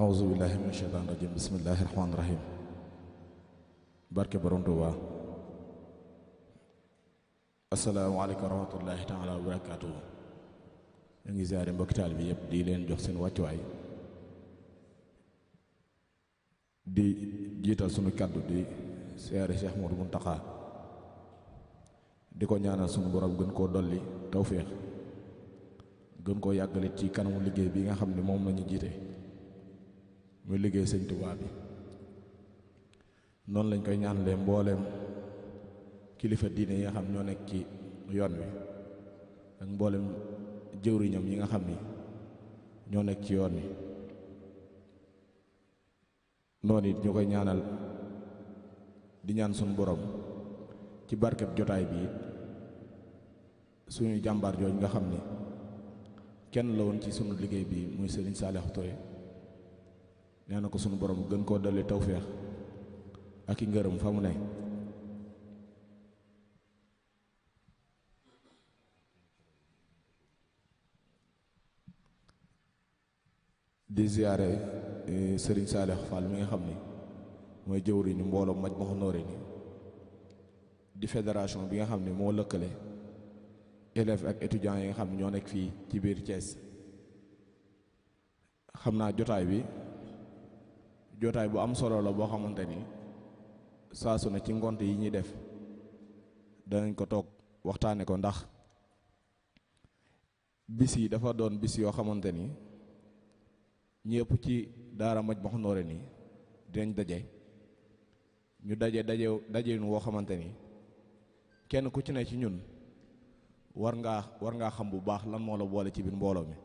auzu billahi mina sheytaani rajim bismillahi rahmaani rahim barke borom Tuuba assalaamu aleykum wa rahmatullahi wa barakaatu ñu ngi ziare mbokki bi yëpp di leen jox seen wàccuwaay di jiital sunu kàddu di siyaare Cheikh Mouhamadou Mountakha di ko ñaanal sunu borom gën koo dolli tawféex gën koo yàggale ci kanamu liggéey bi nga xam ne moom la ñu jiite muy liggéey sëñ Tuubaa bi noonu lañ koy ñaanalee mbooleem kilifa diine yi nga xam ñoo nekk ci yoon wi ak mboolem yi nga xam ni ñoo nekk ci yoon wi noonu it ñu koy ñaanal di ñaan suñu borom ci barkeb jotaay bi it suñu jàmbaar jooju nga xam ni kenn la ci sunu liggéey bi muy Serigne Saliou Touré nee na ko suñu borom gën koo dolli tawféex ak i ngërëm fa mu ne di ziyaare eh, sëriñ Saalix Fall mi nga xam ni mooy jëwriñu mbooloo Majmahun Nurayni di fédération bi nga xam ne moo lëkkale élèves ak étudiants yi nga xam ñoo nekk fii ci biir Thiès xam naa jotaay bi jootaay bu am solo la boo xamante ni saa su ne ci ngont yi ñuy def danañ ko toog waxtaane ko ndax bis yi dafa doon bis yoo xamante ni ñu ñëpp ci daara ma Majmahun Nurayni dinañ daje ñu daje daje daje woo xamante ni kenn ku ci ne ci ñun war ngaa war ngaa xam bu baax lan moo la boole ci biir mbooloo mi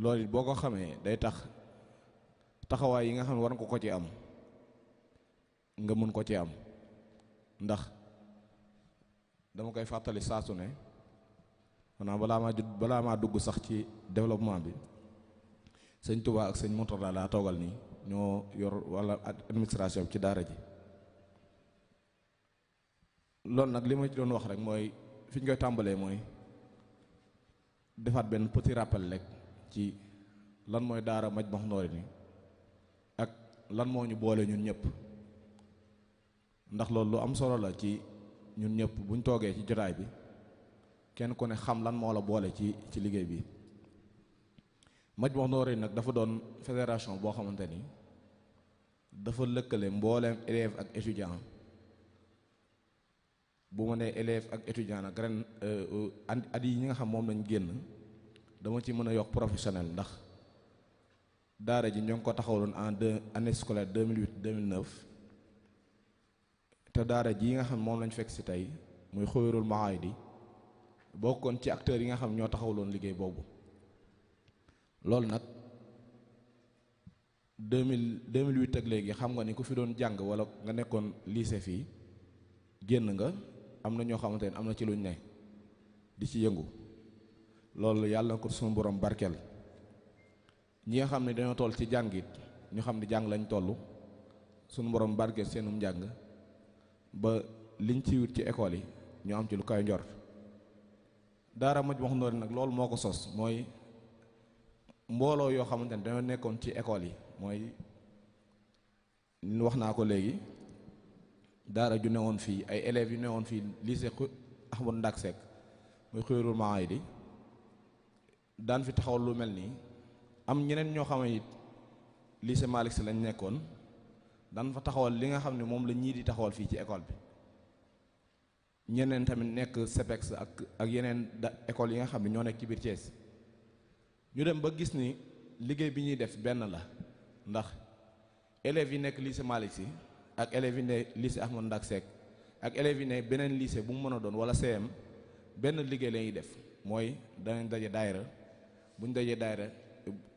loolu it boo ko xamee day tax taxawaay yi nga xam ne war ko ko ci am nga mën ko ci am ndax dama koy fàttali saasu ne naa balaa ma jut balaa maa dugg sax ci développement bi sëñ Touba ak sëñ Mourtada laa toogal nii ñoo yor walla administration bi ci daara ji loolu nag li ma ci doon wax rek mooy fi ñu koy tàmbalee mooy defaat benn petit rappel rek ci lan mooy daara maj Majmahun Nurayni lan moo ñu boole ñun ñëpp ndax loolu lu am solo la ci ñun ñëpp ñu toogee ci jotaay bi kenn ku ne xam lan moo la boole ci ci liggéey bi Majmahun Nurayni nag dafa doon fédération boo xamante ni dafa lëkkale mbooleem élève ak étudiant bu ma nee élève ak étudiant nag ren euh, euh, at yi ñi nga xam moom lañ génn dama ci mën a yokk professionnel ndax daara ji ñoo ngi ko taxawaloon en deux année scolaire 2008 2009 te daara ji nga xam moom lañu fekk si tey muy Xóoyirul Mahaadi bokkoon ci acteurs yi nga xam ñoo taxawaloon liggéey boobu loolu nag 2000 2008 ak léegi xam nga ni ku fi doon jàng wala nga nekkoon lycée fii génn nga am na ñoo xamante ne am na ci luñ ne di ci yëngu loolu yàlla na ko sunu borom barkeel. ñi nga xam ne dañoo toll ci jàng it ñu xam ne jàng lañu toll suñu mborom barke seenum njàng ba liñ ci wut ci école yi ñu am ci lu koy njor daara Majmahun Nurayni nag loolu moo ko sos mooy mbooloo yoo xamante ne dañoo nekkoon ci école yi mooy wax naa ko léegi daara ju ne woon fii ay élèves yu ne woon fii lycée Ahmadou Ndak Seck muy xuyurul maay di daan fi taxawal lu mel nii am ñeneen ñoo xam ne it lycée Malick Sy lañ nekkoon daan fa taxawal li nga xam ne moom la ñii di taxawal fii ci école bi ñeneen tamit nekk CEPEX ak ak yeneen da école yi nga xam ne ñoo nekk ci biir Thiès ñu dem ba gis ni liggéey bi ñuy def benn la ndax élèves yi nekk lycée Malick Sy ak élèves yi ne lycée Ahmadou Ndak Seck ak élèves yi ne beneen lycée bu mu mën a doon wala CM benn liggéey la ñuy def mooy danañ daje daayira bu ñu dajee daayira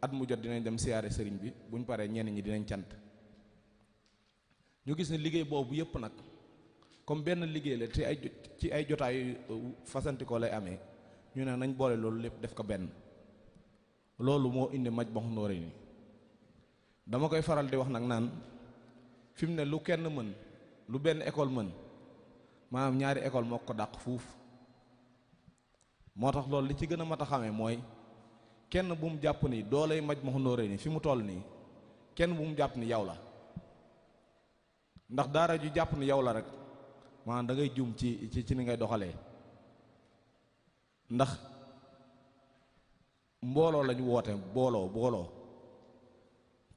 at mu jot dinañ dem siyaare sëriñ bi buñ paree ñenn ñi dinañ cant ñu gis ne liggéey boobu yépp nag comme benn liggéey la ci ay ci ay jotaayu euh, fasanti lay amee ñu ne nañ boole loolu lépp def ko benn loolu moo indi Majmahun Nurayni dama koy faral di wax nag naan fi mu ne lu kenn mën lu benn école mën maanaam ñaari école moo ko dàq fuuf moo tax loolu li ci gën a mat a xamee mooy kenn bu mu jàpp ni doolay Majmahun Nurayni fi mu toll nii kenn bu mu jàpp ni yow la ndax daara ju jàpp ni yow la rek maanaam dangay ngay jum ci ci ci ni ngay doxalee ndax mbooloo lañu woote booloo booloo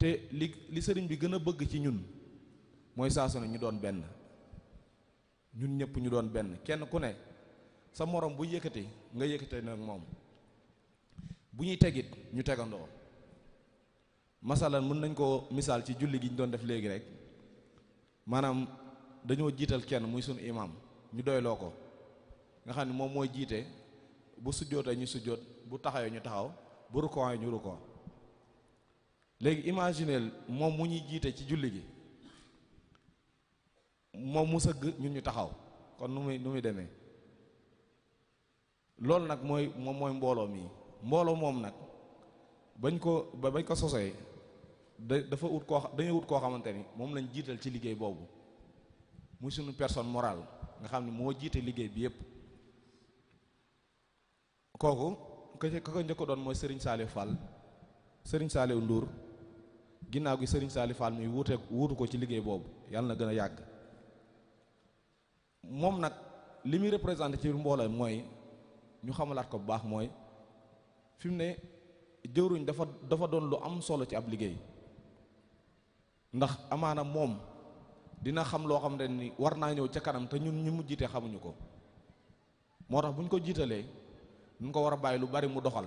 te li li sëriñ bi gën a bëgg ci ñun mooy saasu ñu doon benn ñun ñëpp ñu doon benn kenn ku ne sa morom bu yëkkati nga yëkkate nag moom bu ñuy tegit ñu tegandoo masalan mën nañ koo misaal ci julli gi ñu doon def léegi rek maanaam dañoo jiital kenn muy sunu imam ñu doyloo ko nga xam ne moom mooy jiite bu sujjootee ñu sujjoot bu taxawee ñu taxaw bu rukkoo ñu rukkoo léegi imagineel moom mu ñuy jiite ci julli gi moom mu sëgg ñu ñu taxaw kon nu muy nu muy demee loolu nag mooy moom mooy mbooloo mii mbooloo moom nag bañ ko ba bañ ko sosee da dafa wut koo dañoo wut koo xamante ni moom lañ jiital ci liggéey boobu muy suñu personne morale nga xam ni moo jiite liggéey bi yépp kooku ka ca ka njëkk doon mooy Serigne Saliou Fall sëriñ Saliou Ndour ginnaaw gi sëriñ Saliou Fall muy wuute wuutu ko ci liggéey boobu yàlla na gën a yàgg moom nag li muy représenté ci mbooloo mooy ñu xamalaat ko bu baax mooy fi mu ne jëwriñ dafa dafa doon lu am solo ci ab liggéey ndax amaana moom dina xam loo xam ne ni war naa ñëw ca kanam te ñun ñu mu jiite xamuñu ko moo tax bu ñu ko jiitalee ñu ko war a bàyyi lu bari mu doxal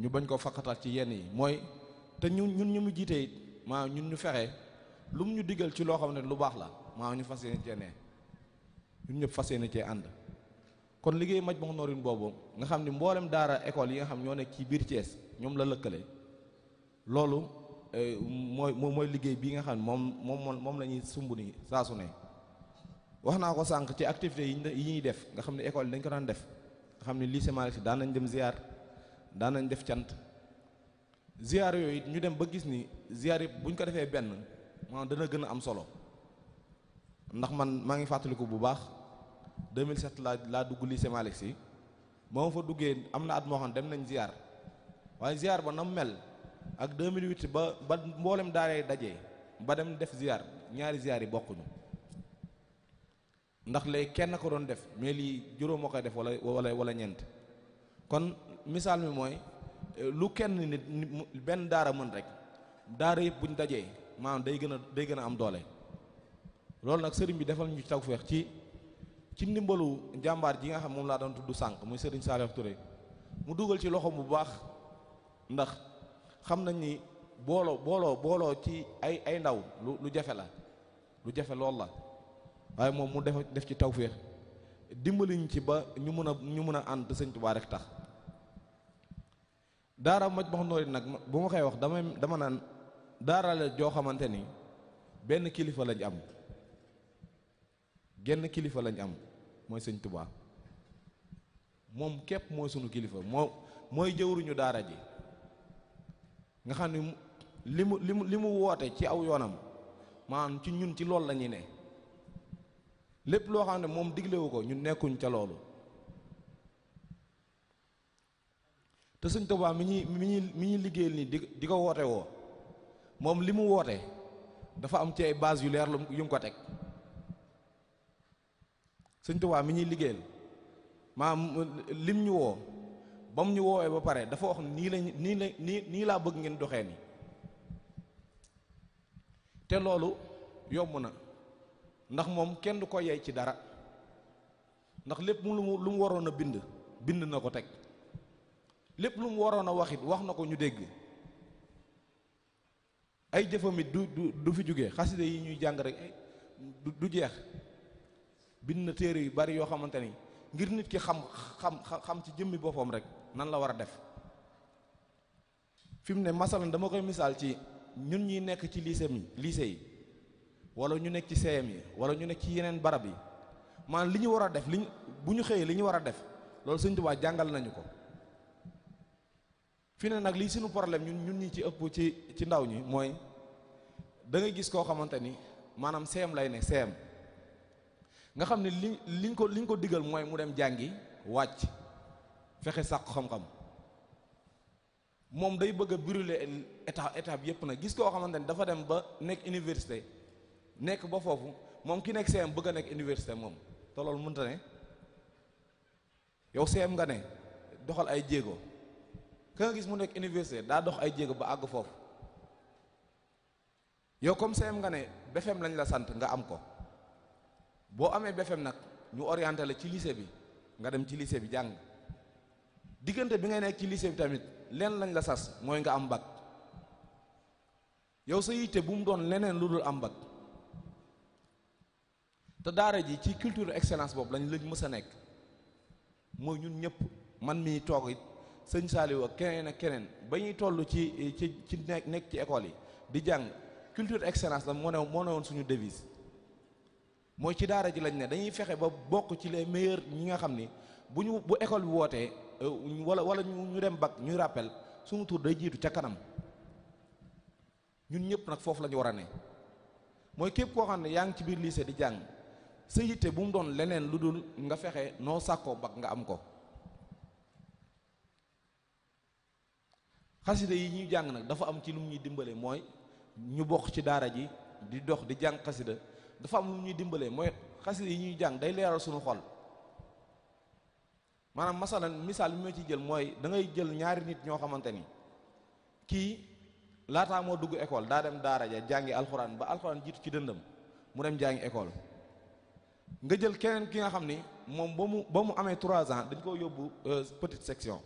ñu bañ ko fakkatal ci yenn yi mooy te ñun ñun ñu mu jiite it maa ñun ñu fexe lu mu ñu digal ci loo xam ne lu baax la maa ñu fas yéene cee ne ñun ñëpp fas yéene cee ànd kon liggéey maj ma noorin boobu nga xam ni mboolem daara école yi nga xam ñoo nekk ci biir Thiès ñoom la lëkkale loolu eh, mooy mooy liggéey bii nga xam ne moom moom moom la ñuy sumb nii saa su ne wax naa ko sànq ci activités yi ñuy def nga xam ne école dañ ko daan def xam ne lycée Malick Sy daan nañ dem ziar daan nañ def cant ziar yooyu ñu dem ba gis ni ziar yi bu ko defee benn maanaam dana gën a am solo ndax man maa ngi fàttaliku bu baax. 2007 laa laa dugg lycée Malick Sy ba ma fa duggee am na at moo xam dem nañu ziar waaye ziar ba nam mel ak 2008 ba ba mboolem daaree daje ba dem def ziar ñaari ziar yi bokkuñu ndax léegi kenn ko doon def mais lii juróom moo koy def wala wala wala ñeent kon misaal mi mooy lu kenn nit benn daara mën rek daara yëpp buñ dajee maanaam day gën a day gën a am doole loolu nag sëriñ bi defal ñu tawfeex ci. ci ndimbalu jàmbaar ji nga xam moom laa doon tudd sànq muy Serigne Saliou Touré mu dugal ci loxo bu baax ndax xam na ni booloo booloo booloo ci ay ay ndaw lu lu jafe la lu jafe lool la waaye moom mu def def ci tawféex dimbaliñ ci ba ñu mën a ñu mën a ànd Sëñ Tuubaa rek tax daara ma max noori nag bu ma koy wax dama dama naan daarale joo xamante ni benn kilifa lañ am genn kilifa lañ am mooy sëñ Tuubaa moom képp mooy sunu kilifa moo mooy jëwruñu daara ji nga xam ne li mu li mu li mu woote ci aw yoonam maanaam ci ñun ci loolu la ñuy ne lépp loo xam ne moom diglewu ko ñun nekkuñ ca loolu te sëñ Tuubaa mi ñuy mi ñuy mi ñuy liggéey nii di di ko woote woo moom li mu woote dafa am ci ay base yu leer yu mu ko teg sëñ Tuubaa mi ñuy liggéeyal maam lim ñu woo ba mu ñu woowee ba pare dafa wax nii lañ nii la nii nii laa bëgg ngeen doxee nii te loolu yomb na ndax moom kenn du ko yey ci dara ndax lépp lu mu lu waroon a bind bind na ko teg lépp lu mu waroon a wax wax na ko ñu dégg ay jëfam du du du fi jóge xasida yi ñuy jàng rek du jeex bind na téere yu bari yoo xamante ni ngir nit ki xam xam xam ci jëmmi boppam rek nan la war a def fi mu ne masalan dama koy misaal ci ñun ñuy nekk ci lycée mi lycée yi wala ñu nekk ci CM yi wala ñu nekk ci yeneen barab yi maanaam li ñu war a def liñ bu ñu xëyee li ñu war a def loolu Sëñ Tuubaa jàngal nañu ko fi ne nag lii suñu problème ñu ñun ñi ci ëpp ci ci ndaw ñi mooy dangay gis koo xamante ni maanaam CM lay ne CM nga xam ne li liñ ko liñ ko digal mooy mu dem jàngi wàcc fexe sàkku xam-xam moom day bëgg a brûler état étape yépp nag gis koo xamante ne dafa dem ba nekk université nekk ba foofu moom ki nekk CM bëgg a nekk université moom te loolu mënta ne yow CM nga ne doxal ay jéego ka nga gis mu nekk université daa dox ay jéego ba àgg foofu yow comme CM nga ne BFEM lañ la sant nga am ko boo amee BFEM nag ñu orienté la ci lycée bi nga dem ci lycée bi jàng diggante bi ngay nekk ci lycée bi tamit lenn lañ la sas mooy nga am bac yow sa yitte bu mu doon leneen lu dul am bac te daara ji ci culture excellence boobu lañ lañ mës a nekk mooy ñun ñëpp man mii toog it sëñ Saliou ak keneen ak keneen ba ñuy toll ci ci ci nekk ci école yi di jàng culture excellence la moo ne moo ne woon suñu devise mooy ci daara ji lañu ne dañuy fexe ba bokk ci les meilleurs ñi nga xam ni bu ñu bu école bi wootee euh, wala wala ñu dem bac ñuy rappel suñu tur day jiitu ca kanam ñun ñëpp nag foofu lañu ñu war a ne mooy képp koo xam ne yaa ngi ci biir lycée di jàng sa yitte bu mu doon leneen lu dul nga fexe noo sàkkoo bac nga am ko xasida yi ñuy jàng nag dafa am ci lu ñuy dimbale mooy ñu bokk ci daara ji di dox di jàng xasida dafa am lu ñuy dimbalee mooy xasida yi ñuy jàng day leeral sunu xol maanaam masalan misaal bi ma ci jël mooy da ngay jël ñaari nit ñoo xamante ni kii laataa moo dugg école daa dem daara ja jàngi alxuraan ba alxuraan jiitu ci dëndam mu dem jàngi école nga jël keneen ki nga xam ni moom ba mu ba mu amee trois ans dañ ko yóbbu euh, petite section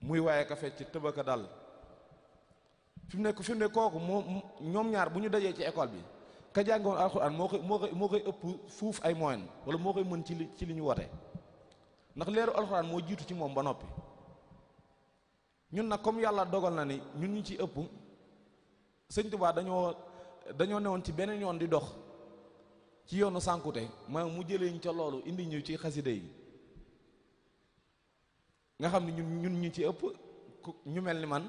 muy waaye ka fecc tëbaka dal fi mu nekk fi mu ne kooku moom ñoom ñaar bu ñu dajee ci école bi ka jàngoon alxuraan moo koy moo koy moo koy ëpp fuuf ay moyen wala moo koy mën ci li ci li ñu wote ndax leeru alxuraan moo jiitu ci moom ba noppi ñun nag comme yàlla dogal na ni ñun ñu ci ëpp sëñ Tuubaa dañoo dañoo newoon ci beneen yoon di dox ci yoonu sànkute ma mu jëlee ñu ca loolu indi ñu ci xaside yi nga xam ne ñun ñun ñu ci ëpp ñu mel ni man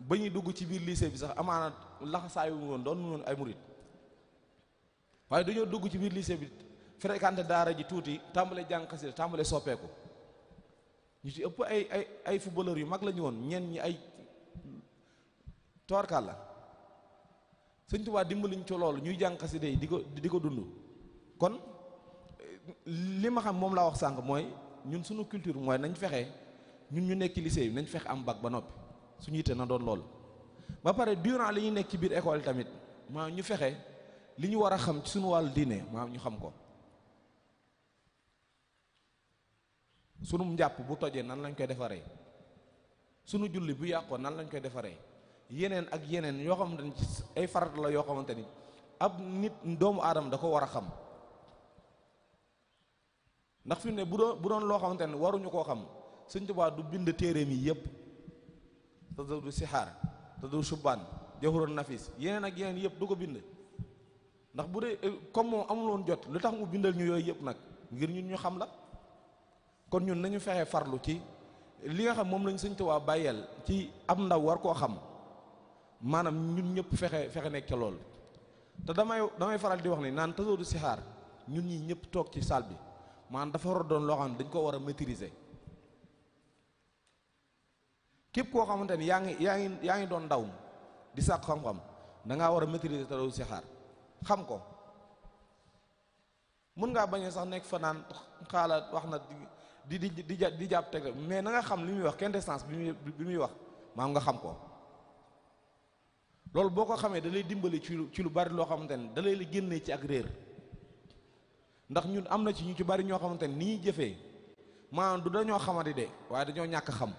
ba ñuy dugg ci biir lycée bi sax amaana laxasaayu woon doon woon ay murit waaye dañoo dugg ci biir lycée bi fréquenté daara ji tuuti tàmbale jàng xasida tàmbalee soppeeku ñu ci ëpp ay ay ay footballeur yu mag la woon ñenn ñi ay toorkaal la sëñ Tuubaa dimbaliñ ci loolu ñuy jàng xasida yi di ko di ko dund kon li ma xam moom laa wax sànq mooy ñun suñu culture mooy nañ fexe ñun ñu nekk ci bi nañ fexe am bac ba noppi suñu yitte na doon lool ba pare durant li ñuy nekk ci biir école tamit maa ñu fexe li ñu war a xam ci suñu wàllu diine maam ñu xam ko sunu njàpp bu tojee nan lañ koy defaree sunu julli bu yàqoo nan lañ koy defaree yeneen ak yeneen yoo xamante ni ay farat la yoo xamante ni ab doomu aadama da ko war a xam ndax fi ne bu doon loo xamante ne waruñu koo xam Sëñ Tuubaa du bind téereem yi yépp te du sixaar te du subbaan jawhurun nafis yeneen ak yeneen yépp du ko bind ndax bu dee euh, comme moom amuloon jot lu tax mu bindal ñu yooyu yëpp nag ngir ñun ñu xam la kon ñun nañu fexe farlu ci li nga xam moom lañu sëñ waa bàyyeel ci am ndaw war koo xam maanaam ñun ñëpp fexe fexe nekk ca loolu te damay damay faral di wax ni naan tasoodu sixaar ñun ñii ñëpp toog ci salle bi maanaam dafa war a doon loo xam ne dañ ko war a maîtriser képp koo xamante ni yaa ngi yaa ngi yaa ngi doon ndaw di sàq xam-xam da ngaa war a maîtriser tasoodu sixaar xam ko mën ngaa bañ sax nekk fanaan naan wax na di di di di jàpp teg mais na nga xam li muy wax quintessence bi muy bi muy wax maam nga xam ko loolu boo ko xamee dalay dimbali ci lu ci lu bari loo xamante ne da lay la génnee ci ak réer ndax ñun am na ci ñu ci bari ñoo xamante ne ni ñuy jëfee maanaam du dañoo xamadi de waaye dañoo ñàkk xam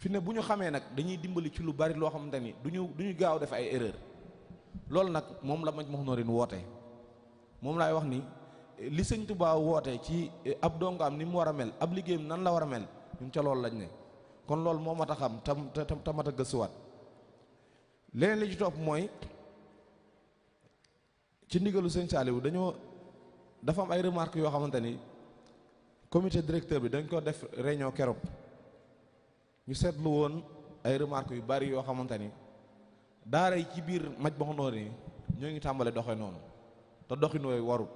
fi ne bu ñu xamee nag dañuy dimbali ci lu bari loo xamante ni du ñu du gaaw def ay erreur loolu nag moom la Majmahun Nurayni woote moom laay wax ni li sëñ Tuubaa woote ci eh, ab dongaam ni mu war a mel ab liggéeyam nan la war a mel ñun ca loolu lañ ne kon loolu moo mat a xam tam tam mat a gëstuwaat leneen li ci topp mooy ci ndigalu sëñ Saaliwu dañoo dafa am ay remarque yoo xamante ni comité directeur bi dañ ko def réunion keroog. ñu seetlu woon ay remarque yu bari yoo xamante ni daara yi ci biir Majmahun Nurayni ñoo ngi tàmbale doxe noonu te doxin yooyu warut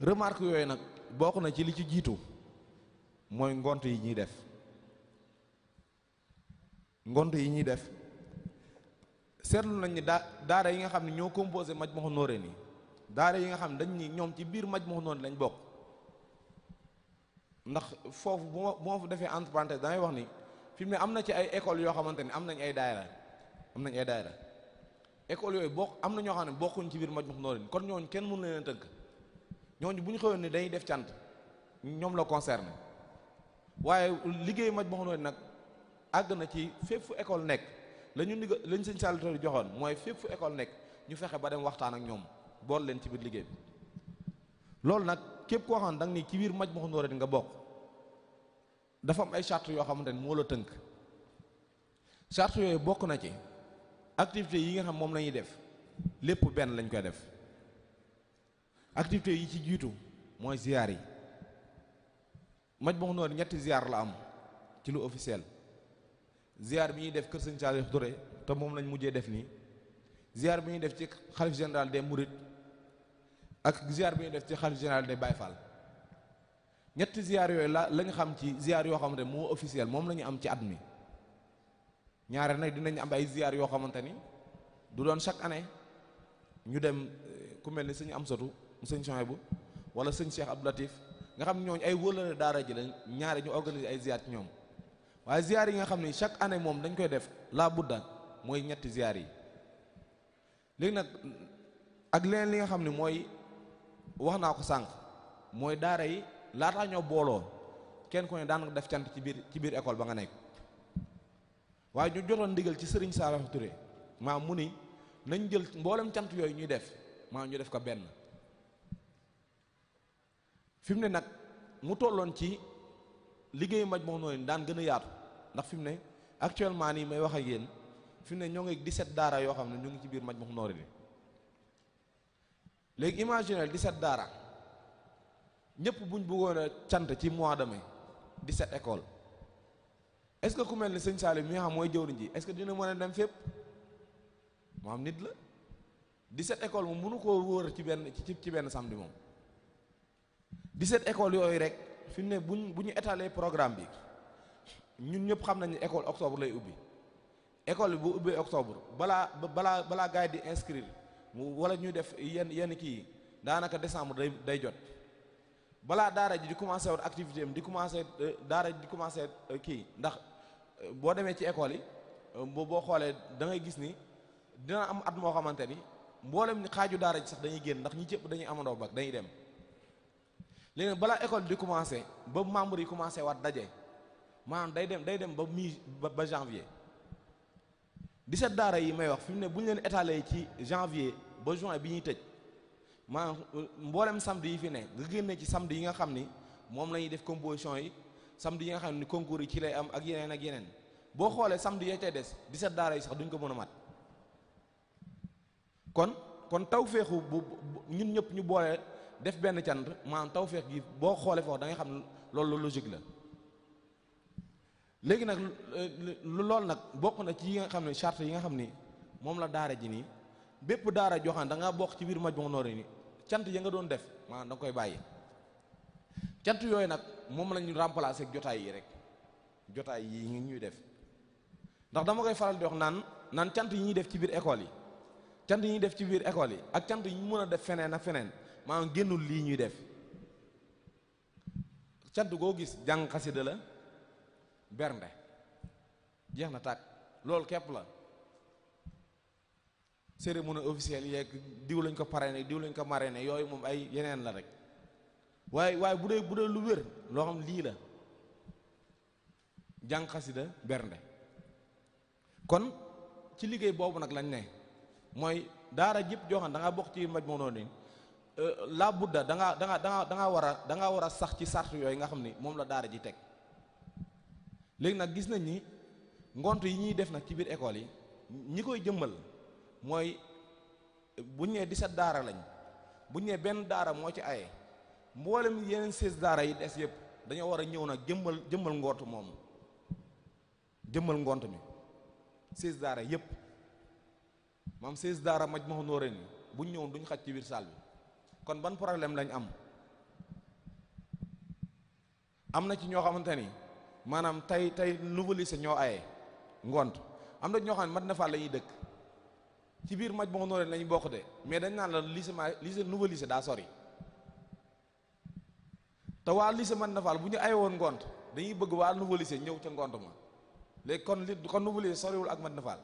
remarque yooyu nag bokk na ci li ci jiitu mooy ngont yi ñuy def ngont yi ñuy def seetlu nañ ni daa daara yi nga xam ne ñoo composé Majmahun ni daara yi nga xam ne dañ ni ñoom ci biir Majmahun Nurayni lañ bokk ndax foofu bu ma bu ma defee entre parenthèse damay wax ni fi mu ne am na ci ay écoles yoo xamante ni am nañ ay daayira am nañ ay daayira écoles yooyu bokk am na ñoo xam ne bokkuñ ci biir Majmahun Nurayni kon ñooñu kenn mënu leen a ñooñu bu ñu xëyoon ne dañuy def cant ñoom la concerné waaye liggéey Majmahun Nurayni nag àgg na ci fépp école nekk la ñu liggéey la ñu seen joxoon mooy fépp école nekk ñu fexe ba dem waxtaan ak ñoom bool leen ci biir liggéey bi loolu nag. képp koo xam ne da nga ni ci biir maj ma xun nga bokk dafa am ay charte yoo xamante ne moo la tënk charte yooyu bokk na ci activité yi nga xam moom lañuy def lépp benn lañ koy def activité yi ci jiitu mooy ziar yi maj ma xun ñetti ziar la am ci lu officiel ziar bi ñuy def kër sëñ Saliou te moom lañ mujjee def nii ziar bi ñuy def ci xalif général des Mourides. ak ziar bi ñu def ci xalif général de Baye Fall ñetti ziar yooyu la lañ xam ci ziar yoo xam xamante moo officiel moom la ñu am ci at mi ñaare nag dinañ am ay ziar yoo xamante ni du doon chaque année ñu dem eh, ku mel ni sëñ Amsatu sëñ bu wala sëñ Cheikh Abdou Latif nga xam ñooñu ay wëllëre daara ji la ñaare ñu organiser ay ziar ci ñoom waaye ziar yi nga xam ni chaque année moom dañ koy def la budda mooy ñetti ziar yi léegi nag ak leneen li nga xam ni mooy wax naa ko sànq mooy daara yi laataa ñoo booloo kenn ko ne daan def cant ci biir ci biir école ba nga nekk waaye ñu jotoon ndigal ci sëriñ Saalihu ture maa mu ni nañ jël mboolem cant yooyu ñuy def maa ñu def ko benn fi mu ne nag mu tolloon ci liggéeyu maj moom noonu daan gën a yaatu ndax fi mu ne actuellement nii may wax a yéen fi mu ne ñoo ngi 17 daara yoo xam ne ñu ngi ci biir maj moom noori ni léegi di 17 daara ñëpp buñ bëggoon a cant ci mois de di 17 école est-ce que ku mel ni sëñ Salim mi xam mooy jëwriñ ji est-ce que dina mën a dem fépp moo am nit la di set école moom mënu koo wóor ci benn ci benn samedi moom set école yooyu rek fi mu ne buñ bu ñu étaler programme bi ñun ñëpp xam nañu école octobre lay ubbi école bi bu ubbee octobre balaa balaa balaa gars di inscrire. mu wala ñuy def yenn yenn kii daanaka décembre day day jot balaa daara ji di commencé woon activité am di commencé euh, daara ji di commencé euh, kii ndax euh, boo demee ci école yi boo xoolee da ngay gis ni dina am at moo xamante ni mboolem xaaju daara ji sax dañuy génn ndax ñi cëpp dañuy amandoo bag dañuy dem léegi balaa école di commencé ba membre yi commencé waat daje maanaam day dem day dem ba mi ba janvier 17 daara yi may wax fi mu ne bu ñu leen étalé ci janvier ba juin bi ñuy tëj maa euh, mboolem samedi yi fi ne nga génne ci samedi yi nga xam ni moom la ñuy def composition yi samedi yi nga xam ni concours yi ci lay am ak yeneen ak yeneen boo xoolee samedi yee tey des 17 daara yi sax duñ ko mën a mat kon kon tawféexu bu ñun ñëpp ñu boole def benn cant maanaam tawféex gi boo xoolee foofu da nga xam ne loolu logique la. léegi nag lu loolu nag bokk na ci yi nga xam ne charte yi nga xam ni moom la daara ji nii bépp daara joxaan da ngaa bokk ci biir Majmahun Nurayni cant ya nga doon def maanaam koy bàyyi cant yooyu nag moom la ñu remplacer ak jotaay yi rek jotaay yi ngi ñuy def ndax dama koy faral di wax naan naan cant yi ñuy def ci biir école yi cant yi ñuy def ci biir école yi ak cant yi ñu mën a def feneen ak feneen maanaam génnul lii ñuy def cant koo gis jàng xasida la bernde jeex na tàkk loolu képp la cérémonie officielle yeeg diw lañ ko parrainé diw lañ ko maree ne yooyu moom ay yeneen la rek waaye waaye bu dee bu dee lu wér loo xam lii la jàng xasida bernde kon ci liggéey boobu nag lañ ne mooy daara jëpp joxan da ngaa bokk ci maj moo noonu ni euh, la budda da ngaa da da da ngaa war da ngaa war a sax ci sart yooyu nga xam ni moom la daara ji teg léegi nag gis nañ ni ngont yi ñuy def nag ci biir école yi ñi koy jëmbal mooy bu ñu nee 17 daara lañ bu ñu nee benn daara moo ci aye mboolem yeneen 16 daara yi des yëpp dañoo war a ñëw nag jëmbal jëmmal ngont moomu jëmbal ngont mi 16 daara yëpp maam 16 daara maj ma nooree ni bu ñu ñëwoon duñ xaj ci biir saal bi kon ban problème lañ am am na ci ñoo xamante ni. maanaam tey tey nouvelisé ñoo aye ngont am na ñoo xam ne mat na faa la ñuy dëkk ci biir mat boo nooree lañu bokk de mais dañ naan la lycée ma lycée nouvelisé daa sori te waa lycée mat na faal bu ñu aye woon ngont dañuy bëgg waa nouvelisé ñëw ca ngont ma léegi kon li kon nouvelisé soriwul ak mat na faal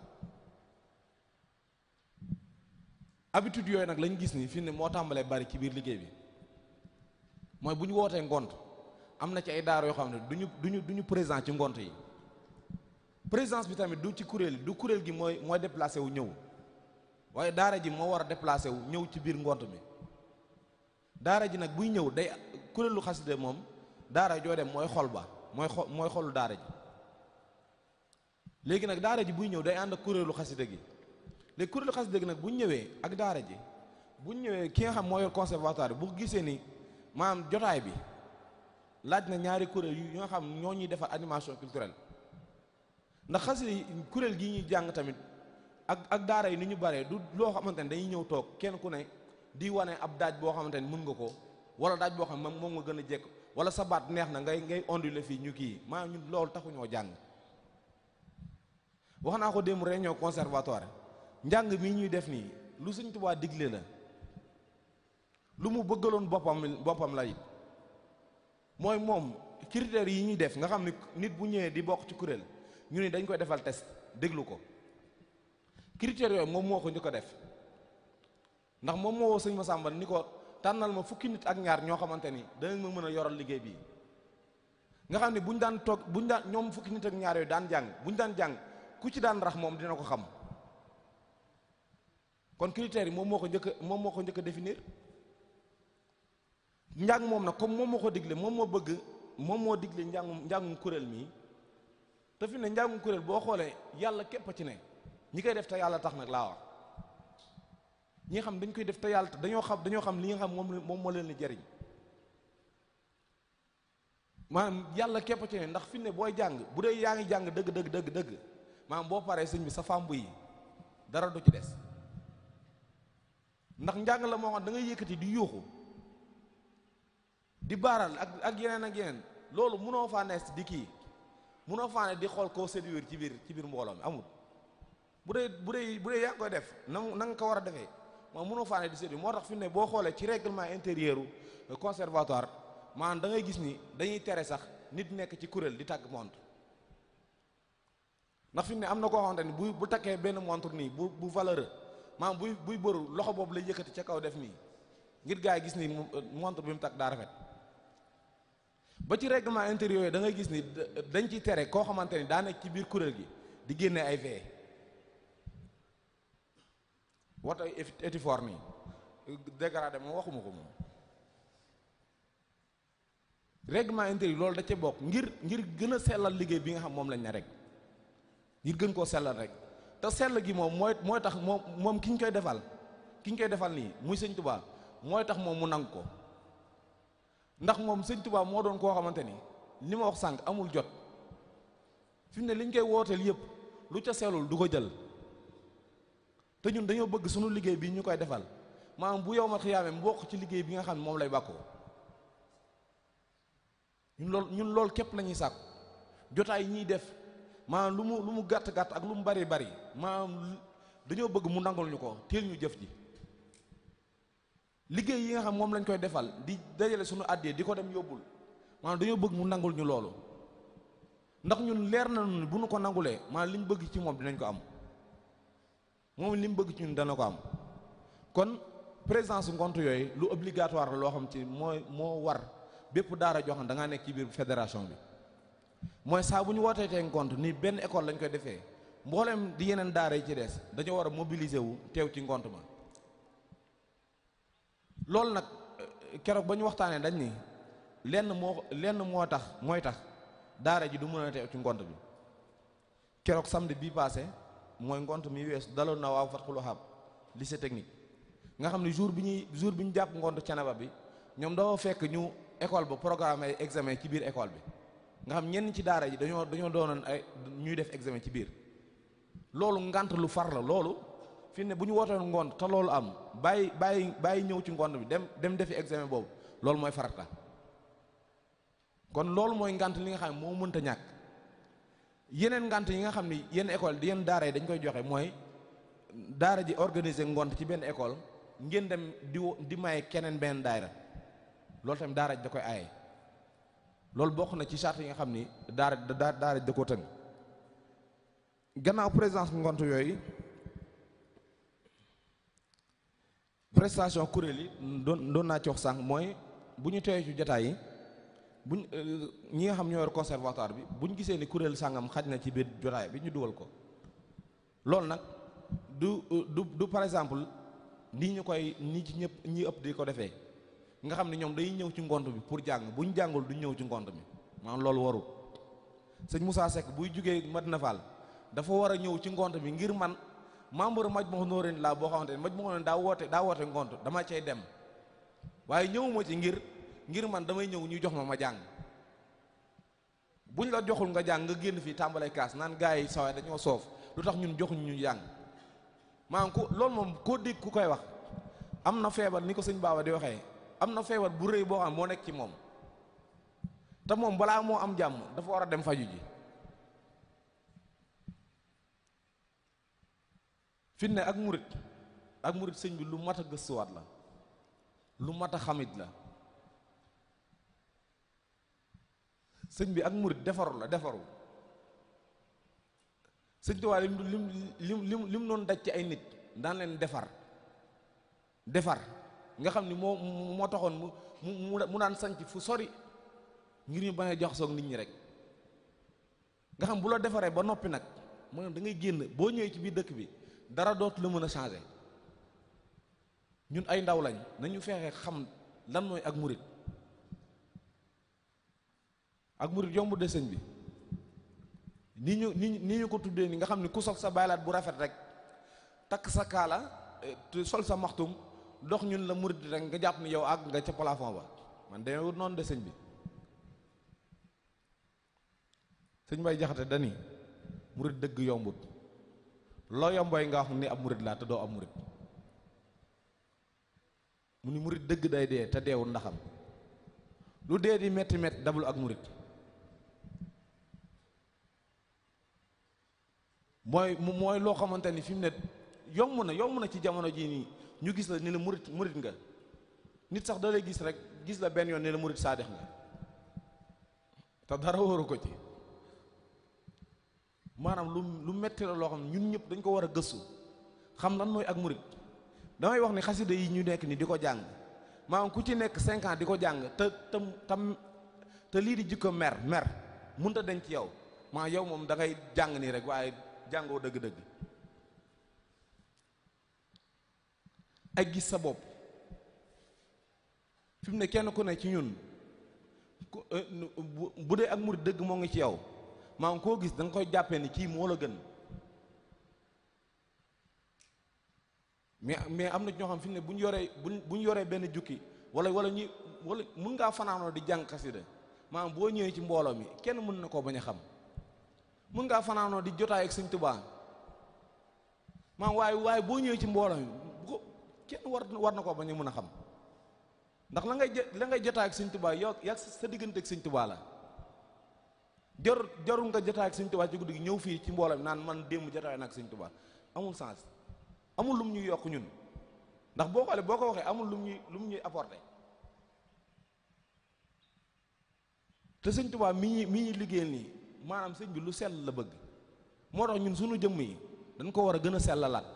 yooyu nag lañu gis ni fii ne moo tàmbalee bari ci biir liggéey bi mooy bu ñu wootee ngont am na ci ay daara yoo xam ne duñu duñu duñu présent ci ngont yi présence bi tamit du ci kuréel du kuréel gi mooy mooy déplacé wu ñëw waaye daara ji moo war a déplacé wu ñëw ci biir ngont mi daara ji nag buy ñëw day kuréelu xaside moom daara joo dem mooy xol ba mooy xol mooy xolu daara ji léegi nag daara ji buy ñëw day ànd kuréelu xaside gi léegi kuréelu xaside gi nag bu ñëwee ak daara ji bu ñëwee ki nga xam mooy yor conservatoire bu gisee ni maanaam jotaay bi laaj na ñaari kuréel yu ñoo xam ñoo ñuy defar animation culturelle ndax xasida yi kuréel gi ñuy jàng tamit ak daara yi ni ñu bare du loo xamante ni dañuy ñëw toog kenn ku ne di wane ab daaj boo xamante ni mën nga ko wala daaj boo xam ne moom nga gën a jekk wala sa neex na ngay ngay ondule fii ñu kii maa ñun loolu taxuñoo jàng wax naa ko démb rey réunion conservatoire njàng mii ñuy def nii lu Sëñ Tuubaa digle la lu mu bëggaloon boppam boppam lay mooy moom critères yi ñuy def nga xam ne nit bu ñëwee di bokk ci kuréel ñu ne dañ koy defal tes déglu ko critères yooyu moom moo ko ñu ko def ndax moom moo woo sëñ sàmba ni ko tànnal ma fukki nit ak ñaar ñoo xamante ni danañ ma mën a yoral liggéey bii nga xam ne buñ daan toog buñ daan ñoom fukki nit ak ñaar yooyu daan jàng buñ daan jàng ku ci daan rax moom dina ko xam kon critères yi moom moo ko njëkk moom moo ko njëkk a njàng moom nag comme moom moo ko digle moom moo bëgg moom moo digle njàngum njàngum kuréel mii te fi ne njàngum kuréel boo xoolee yàlla képp ci ne ñi koy def te yàlla tax nag laa wax ñi nga xam dañ koy def te yàlla tax dañoo xam dañoo xam li nga xam moom moom moo leen di jariñ maanaam yàlla képp ci ne ndax fi ne booy jàng bu dee yaa ngi jàng dëgg dëgg dëgg dëgg maanaam boo paree sëñ bi sa fàmbu yi dara du ci des ndax njàng la moo xam da ngay yëkkati di yuuxu di baaral ak ak yeneen ak yeneen loolu mënoo faa di kii mënoo faa di xool koo séduire ci biir ci biir mbooloo mi amul bu dee bu dee bu dee yaa def na na nga ko war a defee mooy munoo faa ne di moo tax fi ne boo xoolee ci règlement intérieur conservatoire maanaam da ngay gis ni dañuy tere sax nit nekk ci kuréel di tàgg montre ndax fi mu am na koo xamante ni bu bu takkee benn montre nii bu bu valeureux maanaam buy buy bëru loxo boobu lay yëkkati ca kaw def nii ngir gaa gis ni montre bi mu takk daa rafet ba ci règlement intérieur yooyu da ngay gis ni dañ ci tere koo xamante ni daa nekk ci biir kuréel gi di génne ay vee woto étiforme yi dégradé moom waxuma ko moom règlement intérieur loolu da ca bokk ngir ngir gën a sellal liggéey bi nga xam moom lañ ne rek ngir gën koo sellal rek te sell gi moom mooy mooy tax moom moom ki ñu koy defal ki ñu koy defal nii muy sëñ Tuubaa mooy tax moom mu nangu ko ndax moom sëñ Tuubaa moo doon koo xamante ni li ma wax sànq amul jot fi mu ne liñ koy wooteel yëpp lu ca seelul du ko jël te ñun dañoo bëgg sunu liggéey bi ñu koy defal maanaam bu yow ma xiyaame mbokk ci liggéey bi nga xam ne moom lay bàkkoo ñun lool ñun lool képp la ñuy sàkku jotaay ñuy def maanaam lu mu lu mu gàtt gàtt ak lu mu bari bari maanaam dañoo bëgg mu nangul ñu ko teel ñu jëf ji liggéey yi nga xam moom lañ koy defal di dajale suñu àddee di ko dem yóbbul maanaam dañoo bëgg mu nangul ñu loolu ndax ñun leer nañu bu ñu ko nangulee maanaam li ñu bëgg ci moom dinañ ko am moom li mu bëgg ci ñun dana ko am kon présence ngont yooyu lu obligatoire la loo xam ci mooy moo war bépp daara joxan da ngaa nekk ci biir fédération bi mooy saa bu ñu wootee tey ngont ni benn école lañ koy defee mboolem di yeneen daara yi ci des dañoo war a mobiliser wu teew ci ngont ma loolu nag eh, keroog ba ñu waxtaanee dañ ni lenn moo lenn moo tax mooy tax daare ji du mën a teew ci ngont bi keroog samedi bii passé mooy ngont mi wees daloon na waaw Fathul li lycée technique nga xam ne jour bi ñuy jour bi ñu jàpp ngont canaba bi ñoom dafa fekk ñu école ba programme ay examen ci biir école bi nga xam ñenn ci daare ji dañoo dañoo doonoon ay ñuy def examen ci biir loolu ngant lu far la loolu fi ne bu ñu wootee ngont te loolu am bàyyi bàyyi bàyyi ñëw ci ngont bi dem dem defi examen boobu loolu mooy farat la kon loolu mooy ngant li nga xam ne moo mënta ñàkk yeneen ngant yi nga xam ne yenn école di yenn daara yi dañ koy joxe mooy daara ji organiser ngont ci benn école ngeen dem di di maye keneen benn daayra loolu tamit daara ji da koy aaye loolu bokk na ci charte yi nga xam ni daara daara ji da ko tënk gannaaw présence ngont yooyu prestation kuréel yi doon doon naa ci wax mooy bu ñu teewee ci jotaay yi buñ euh, ñi nga xam ñoo yor conservatoire bi bu ñu gisee ni kuréel sàngam xaj na ci biir jotaay bi ñu dugal ko loolu nag du du du par exemple nii ñu koy nii ci ñëpp ñi ëpp di ko defee nga xam ne ñoom day ñëw ci ngont bi pour jàng bu ñu jàngul du ñëw ci ngont bi maanaam loolu warul sëñ Moussa Seck buy jugee Madina Fall dafa war ñëw ci ngont bi ngir man membre Majmahun Nurayni laa boo xamante ne Majmahun Nurayni daa woote daa woote ngont dama cay dem waaye ñëwuma ci ngir ngir man damay ñëw ñu jox ma ma jàng buñ la joxul nga jàng nga génn fii tàmbalee kaas naan gars yi sawaay dañoo soof lu tax ñun joxuñ ñu jàng maanaam ku loolu moom koo dégg ku koy wax am na feebar ni ko sëñ baaba di waxee am na feebar bu rëy boo xam moo nekk ci moom te moom balaa moo am jàmm dafa war a dem faju ji fi ak murit ak murit sëñ bi lu mat a gëstuwaat la lu mat a xamit la sëñ bi ak murit defaru la defaru sëñ Tuubaa lim lim lim lim lim noonu daj ci ay nit daan leen defar defar nga xam ni moo moo taxoon mu mu mu daan sanc fu sori ngir ñu bañ a jox soog nit ñi rek nga xam bu la defaree ba noppi nag mooy da ngay génn boo ñëwee ci biir dëkk bi dara dootu la mën a changé ñun ay ndaw lañ nañu fexe xam lan mooy ak murit ak murit yombu deseñ bi nii ñu ni ni ñu ko tuddee ni nga xam ne ku sol sa baylaat bu rafet rek takk sa kaala eh, sol sa maxtum dox ñun la murit rek nga jàpp ni yow àgg nga ca plafond ba man demee wut noonu deseñ bi sëñ bay jaxate dani murit dëgg yombut loo yi nga wax ne ab murit laa te doo ab murit mu ni murit dëgg day dee te deewul ndaxam lu dee di metti metti dabul ak murit mooy mooy loo xamante ni fi ne yomb na yomb na ci jamono jii nii ñu gis la ni la murit murit nga nit sax dalay gis rek gis la benn yoon ni la murit saadix nga te dara wóoru ko ci maanaam lu lu metti la loo xam ne ñun ñëpp dañ ko war a gëstu xam lan mooy ak murit damay wax ni xasida yi ñu nekk ni di ko jàng maa maanaam ku ci nekk cinq di ko jàng te te tam te lii di jikko mer mer mënut a denc ci yow maa yow moom dangay ngay jàng nii rek waaye jàngoo dëgg-dëgg ay gis sa bopp fi mu ne kenn ku ne ci ñun eh, bu dee ak murit dëgg moo ngi ci yow maam koo gis danga koy jàppee ni kii moo la gën mais mais am na ñoo xam fi ne bu ñu yoree buñ bu ñu yoree benn jukki wala wala ñuy walla mun ngaa fanaanoo di jàng xasida maam boo ñëwee ci mbooloo mi kenn mën na koo bañ a xam mun ngaa fanaanoo di jotaay ak sëñ Tuubaa maam waaye waaye boo ñëwee ci mbooloo mi bu ko kenn war war na koo bañ a mën a xam ndax la ngay la ngay jotaay ak sëñ Tuubaa yow yàgg sa diggante ak sëñ Tuubaa la jarul jarul nga jotaay ak sëñ Tuubaa ci guddi gi ñëw fii ci mbooloo naan man démb jotaay nag sëñ Tuubaa amul sens amul lum ñuy yokk ñun ndax boo xoolee boo ko waxee amul lu ñuy lum ñuy apporter te sëñ Tuubaa mi ñuy mi ñuy liggéeyal nii maanaam sëñ bi lu sell la bëgg moo tax ñun suñu jëmm yi dañ ko war a gën a sellalaat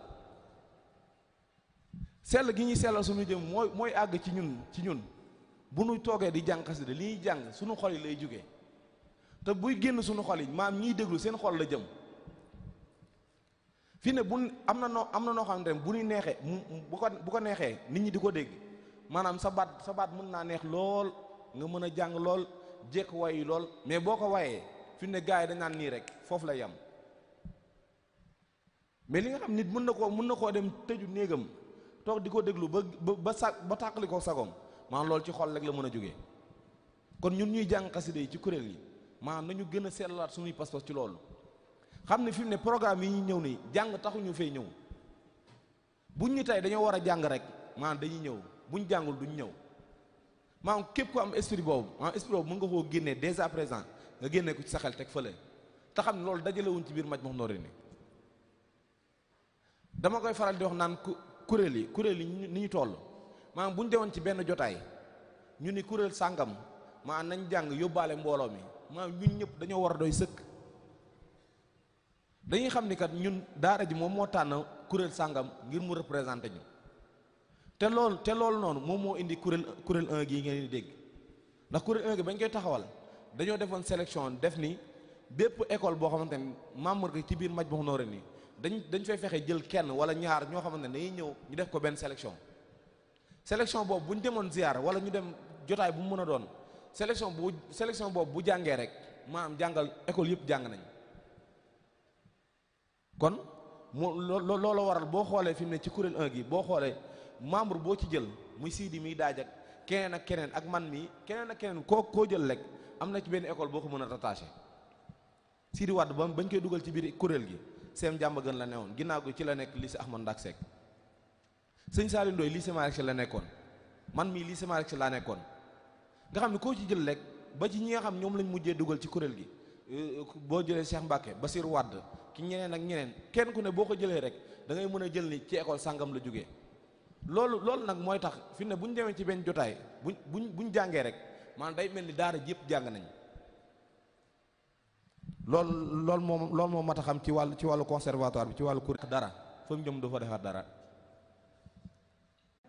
sell gi ñuy sellal suñu jëmm mooy mooy àgg ci ñun ci ñun bu nu toogee di jàng xasida li ñuy jàng suñu xol yi lay jógee te buy génn suñu xol yi maam ñiy déglu seen xol la jëm fii ne bu am na noo am na noo xamante ne bu ñu neexee bu ko bu ko neexee nit ñi di ko dégg maanaam sa baat sa baat mën naa neex lool nga mën a jàng lool jekk wayu lool mais boo ko wayee fi ne gars yi dañ naan nii rek foofu la yem mais li nga xam nit mën na koo mën na koo dem tëju néegam toog di ko déglu ba ba sa ba tàqali ko sagom maanaam lool ci xol rek la mën a jóge kon ñun ñuy jàng xasida yi ci kuréel yi maanaam nañu gën a seetlaat suñuy pas-pas ci loolu xam ne fi mu ne programme yi ñu ñëw nii jàng taxuñu fee ñëw buñ ñu tey dañoo war a jàng rek maanaam dañuy ñëw bu ñu jàngul duñ ñëw maanaam képp ko am esprit boobu maanaam esprit boobu mën nga koo génnee dès à présent nga génnee ko ci saxel teg fële te xam ne loolu dajalewuñ ci biir maj mox nooré ni dama koy faral di wax naan kuréel yi kuréel yi ni ñu toll maanaam bu ñu demoon ci benn jotaay ñu ni kuréel sàngam maanaam nañ jàng yóbbaale mbooloo mi maanaam ñun ñëpp dañoo war a doy sëkk dañuy xam ni kat ñun daara ji moom moo tànn kuréel sàngam ngir mu représenté ñu te loolu te loolu noonu moom moo indi kuréel kuréel 1 gi ngeen dégg ndax kuréel 1 gi bañ koy taxawal dañoo defoon sélection def ni bépp école boo xamante ni membre gi ci biir maj boo noore nii dañ dañ fay fexe jël kenn wala ñaar ñoo xamante ne dañuy ñëw ñu def ko benn sélection sélection boobu bu ñu demoon ziar wala ñu dem jotaay bu mu mën a doon sélection bu sélection boobu bu jàngee rek maam jàngal école yëpp jàng nañ kon moo loo loo la waral boo xoolee fi mu ne ci kuréel 1 gi boo xoolee membre boo ci jël muy siidi miy daaj ak keneen ak keneen ak man mii keneen ak keneen koo koo jël lekk am na ci benn école boo ko mën a rattaché Sidi Wade ba bañ koy dugal ci biir kuréel gi seem jàmba gën la newoon ginnaaw gi ci la nekk lii lycée Ahmad Ndak Seck sëñ Saliou Ndoye lycée Malick Sy la nekkoon man mii lycée Malick Sy laa nekkoon nga xam ne koo ci jël rek ba ci ñi nga xam ñoom lañ mujjee dugal ci kuréel gi euh, boo jëlee Cheikh Mbacke Basir wàdd ki ñeneen ak ñeneen kenn ku ne boo ko jëlee rek dangay mën a jël ni ci école sàngam la jóge loolu loolu nag mooy tax fi ne bu ñu demee ci benn jotaay bu buñ buñ jàngee rek maanaam day mel ni daara yëpp jàng nañ loolu loolu moom loolu moom mat a xam ci wàll ci wàllu conservatoire bi ci wàllu kuréel dara fa mu jëm du fa defar dara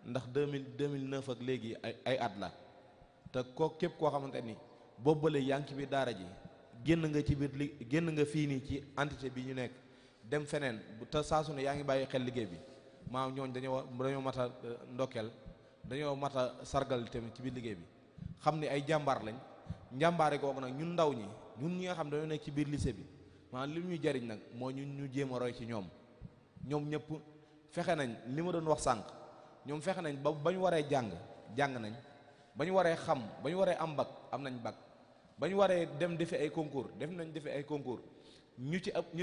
ndax 2000 2009 ak léegi ay ay at la te koo képp koo xamante ni boobale yaa ngi ci biir daara ji génn nga ci biir li génn nga fii nii ci entité bi ñu nekk dem feneen te saa su ne yaa ngi bàyyi xel liggéey bi maam ñooñ dañoo dañoo mat a eh, ndokkeel dañoo mat a sargal tamit ci biir liggéey bi xam ni ay jàmbaar lañ njàmbaare googu nag ñun ndaw ñi ñun ñi nga xam dañoo nekk ci biir lycée bi maa li ñu jariñ nag moo ñun ñu jéem roy ci ñoom ñoom ñëpp fexe nañ li ma doon wax sànq ñoom fexe nañ ba ba ñu waree jàng jàng nañ ba ñu waree xam ba ñu waree am bag am nañu bag ba ñu waree dem defi ay concours def nañ defi ay concours ñu ci ëpp ñu